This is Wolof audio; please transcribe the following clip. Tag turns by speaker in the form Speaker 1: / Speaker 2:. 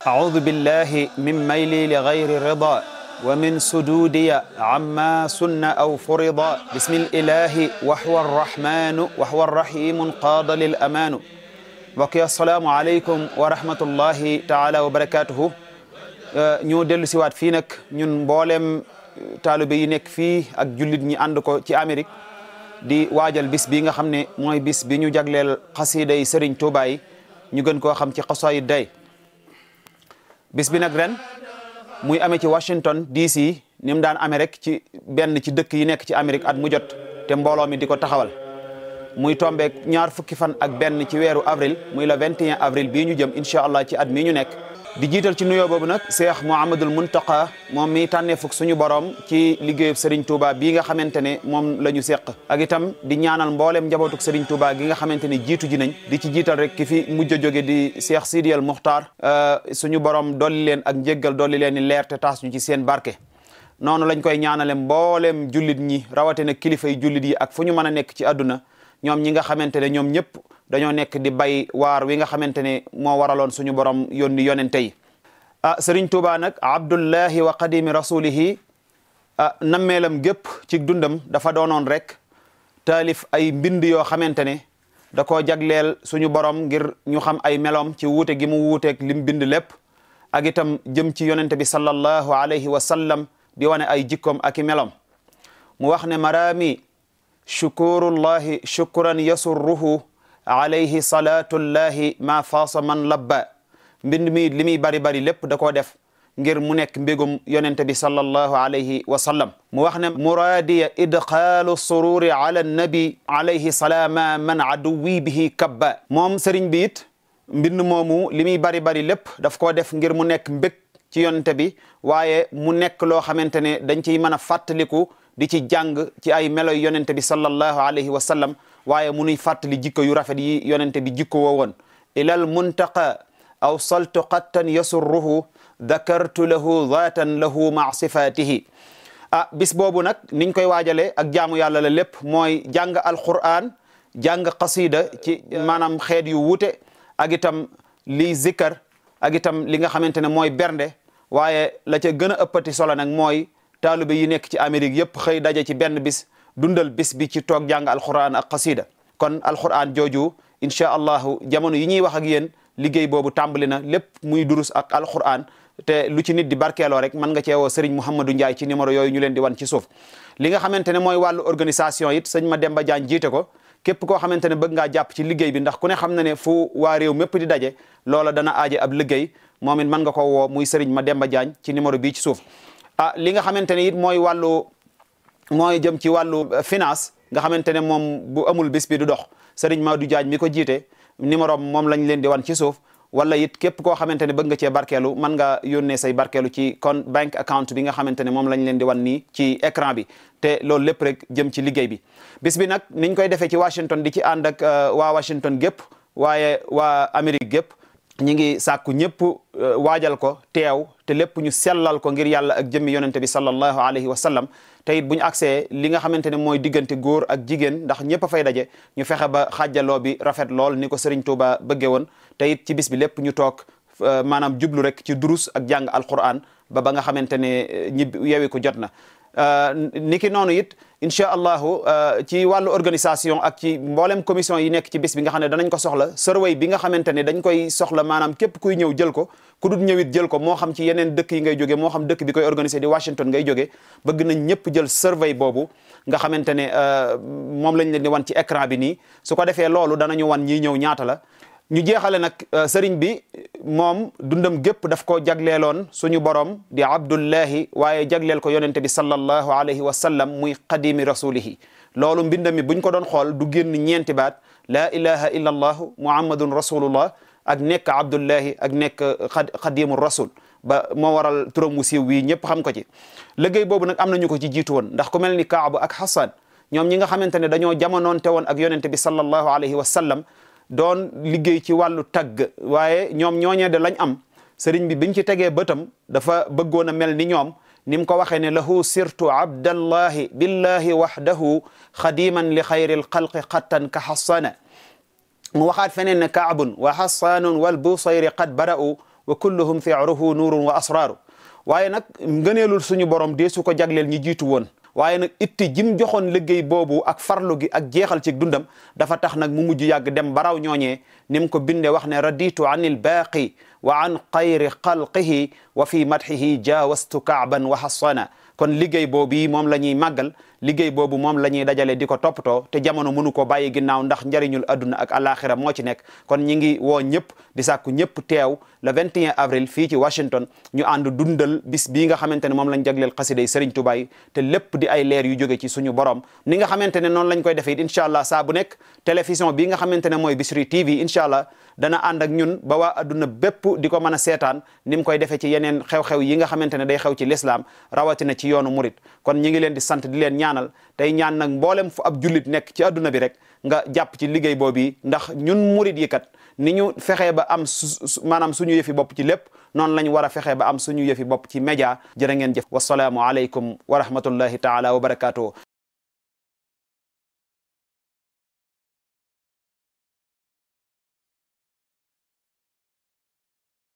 Speaker 1: أعوذ بالله من ميلي لغير رضا ومن سدودي عما سن أو فرض بسم الإله وهو الرحمن وهو الرحيم قاد للأمان mbokk yi asalaamu aleykum wa rahmatullahi taala wa barakaatuhu ñu dellu si waat fii nag ñun mboolem taalibe yi nekk fii ak jullit ñi ànd ko ci Amérique di waajal bis bi nga xam ne mooy bis bi ñu jagleel xasiiday Sëriñ Tuubaa yi ñu gën koo xam ci xasaayu day bis bi nag ren muy amee ci Washington DC ni mu daan amee ci benn ci dëkk yi nekk ci Amérique at mu jot te mbooloo mi di ko taxawal muy tombeek ñaar fukki fan ak benn ci weeru avril muy le 21 avril bii ñu jëm incha allah ci at mii ñu nekk di jiital ci nuyoo boobu nag Cheikh Mouhamadul Muntaqa moom mi tànnee fukk suñu borom ci liggéeyub Serigne Touba bii nga xamante ne moom la ñu seq ak itam di ñaanal mboolem njabootuk Serigne Touba gi nga xamante ne jiitu ji nañ di ci jiital rek ki fi mujj a jóge di Cheikh Sidi El Muxtaar euh, suñu borom dolli leen ak njéggal dolli leen ni leerte te taas ci seen barke. noonu lañ koy ñaanale mboolem jullit ñi rawatina kilifa yi jullit yi ak fu ñu mën a nekk ci àdduna ñoom ñi nga xamante ne ñoom ñëpp dañoo nekk di bay waar wi nga xamante ne moo waraloon suñu borom yónni yonente yi ah sëriñ Tuubaa nag abdullahi wa qadimi rasulihi ah nammeelam gépp ci dundam dafa doonoon rek taalif ay mbind yoo xamante ne da koo jagleel suñu borom ngir ñu xam ay melom ci wuute gi mu wuuteeg lim bind lépp ak itam jëm ci yonente bi sallallahu alayhi wa di wane ay jikkoom ak i meloom mu wax ne shukurullahi shukran yasurruhu alayhi salaatullahi ma faasa man labba mbind mi li muy bari bari lépp da koo def ngir mu nekk mbégum yonente bi sallallahu alayhi wa sallam mu wax ne muraadiya idqaalu sururi ala nabi alayhi salaama man aduwi bihi kabba moom sëriñ bi it mbind moomu li muy bari bari lépp daf koo def ngir mu nekk mbég ci yonente bi waaye mu nekk loo xamante ne dañ ciy mën a fàttaliku di ci jàng ci ay melo yonente bi sallallahu alayhi wa sallam waaye munuy fàttali jikko yu rafet yi yonente bi jikko woo woon ilal muntaqa awsaltu qattan yasurruhu dakartu lahu zaatan lahu maa sifatihi ah bis boobu nag niñ koy waajalee ak jaamu yàlla la lépp mooy jàng alquran jàng qasida ci maanaam xeet yu wuute ak itam li zikkar ak itam li nga xamante ne mooy bernde waaye la ca gën a ëppati solo nag mooy taalibe yi nekk ci Amérique yëpp xëy daje ci benn bis dundal bis bi ci toog jàng alquran ak xasida kon alquran jooju incha allahu jamono yi ñuy wax ak yéen liggéey boobu tàmbali na lépp muy durus ak alquran te lu ci nit di barkeeloo rek mën nga ceewoo Serigne Mouhamadou Ndiaye ci numéro yooyu ñu leen di wan ci suuf li nga xamante ne mooy wàllu organisation it sëñ Mademba Diagne jiite ko képp koo xamante ne bëgg ngaa jàpp ci liggéey bi ndax ku ne xam na ne fu waa réew mépp di daje loola dana aaje ab liggéey moom it mën nga ko woo muy Serigne Mademba Diagne ci numéro bii ci suuf ah, mooy jëm ci wàllu euh, finance nga xamante ne moom bu amul bis du dox Serigne du jaaj mi ko jiite numéro moom lañ leen di wan ci suuf wala it képp koo xamante ne bëgg nga cee barkeelu mën nga yónnee say barkeelu ci kon bank account bi nga xamante ne moom lañ leen di wan nii ci écran bi te lool lépp rek jëm ci liggéey bi bis nag niñ koy defee ci Washington di ci ànd ak euh, waa Washington gépp waaye waa Amérique gépp ñi ngi sàkku ñëpp euh, waajal ko teew te lépp ñu sellal ko ngir yàlla ak jëmmi yonente bi sallallahu alayhi wa sallam te it bu ñu agsee li nga xamante ne mooy diggante góor ak jigéen ndax ñëpp a fay daje ñu fexe ba xaajaloo bi rafet lool ni ko Serigne Touba bëgge woon te it ci bis bi lépp ñu toog euh, maanaam jublu rek ci durus ak jàng alquran ba ba nga xamante ne euh, ñibbi yewi ko jot na Euh, niki noonu it incha allahu euh, ci wàllu organisation ak ci mboolem commission yi nekk ci bis bi nga xam ne danañ ko soxla survey bi nga xamante ne dañ koy soxla maanaam képp kuy ñëw jël ko ku du ñëwit jël ko moo xam ci yeneen dëkk yi ngay jóge moo xam dëkk bi koy organisé di Washington ngay jóge bëgg nañ ñëpp jël survey boobu nga xamante ne euh, moom lañ leen di wan ci écran bi ni su ko defee loolu danañu wan ñiy ñëw ñaata la ñu jeexale nag euh, sëriñ bi moom dundam gépp daf ko jagleeloon suñu borom di abdullahi waaye jagleel ko yonente bi sallallahu alayhi wa sallam muy qadimi rasulihi loolu mbindam mi buñ ko doon xool du génn ñeenti baat laa ilaha illa allahu muhammadun rasulullah ak nekk abdullahi ak nekk xadimu rasul ba moo waral turam wu siiw wii ñëpp xam ko ci liggéey boobu nag am nañu ko ci jiitu woon ndax ku mel ni kaabu ak xasan ñoom ñi nga xamante ne dañoo jamonoonte woon ak yonente bi sallallahu alayhi wa sallam doon liggéey ci wàllu tagg waaye ñoom ñooñee de lañ am sëriñ bi biñ ci tegee bëtam dafa bëggoon a mel ni ñoom ni ko waxee ne lahu sirtu abdallahi billahi wahdahu xadiman li xayri alxalqi xattan ka xassana mu waxaat feneen ne kaabun wa xassanun wal busayri qad bara'u wa kulluhum fi aruhu nuurun wa asraaru waaye nag ngëneelul suñu borom dee su ko jagleel ñi jiitu woon waaye nag itti jim joxoon liggéey boobu ak farlu gi ak jeexal ci dundam dafa tax nag mu mujj yàgg dem baraw ñooñee ni mu ko binde wax ne raditu anil baaqi wa an xayri xalqihi wa fi madhihi jawastu kaaban wa hassana kon liggéey boobu moom la ñuy màggal liggéey boobu moom la ñuy dajale di ko toppatoo te jamono mënu ko bàyyi ginnaaw ndax njariñul adduna ak alaxira moo ci nekk kon ñi ngi woo ñëpp di sàkku ñëpp teew le 21 avril fii ci Washington ñu ànd dundal bis bii nga xamante ne moom lañ jagleel xasida yi Serigne Touba yi te lépp di ay leer yu jóge ci suñu borom ni nga xamante ne noonu lañ koy defee it allah saa bu nekk télévision bii nga xamante ne mooy Bichri TV incha allah dana ànd ak ñun ba waa adduna bépp ñëpp di ko mën a seetaan ni mu koy defee ci yeneen xew-xew yi nga xamante ne day xew ci lislaam rawatina ci yoonu murit kon ñi ngi leen di sant di leen ñaanal tey ñaan nag mboolem fu ab jullit nekk ci adduna bi rek nga jàpp ci liggéey boobu ndax ñun murit yi kat ni ñu fexe ba am su maanaam suñu yëfi bopp ci lépp noonu lañ war a fexee ba am suñu yëfi bopp ci média jërë ngeen jëf wasalaamu aleykum wa rahmatullahi taala wa barakaatu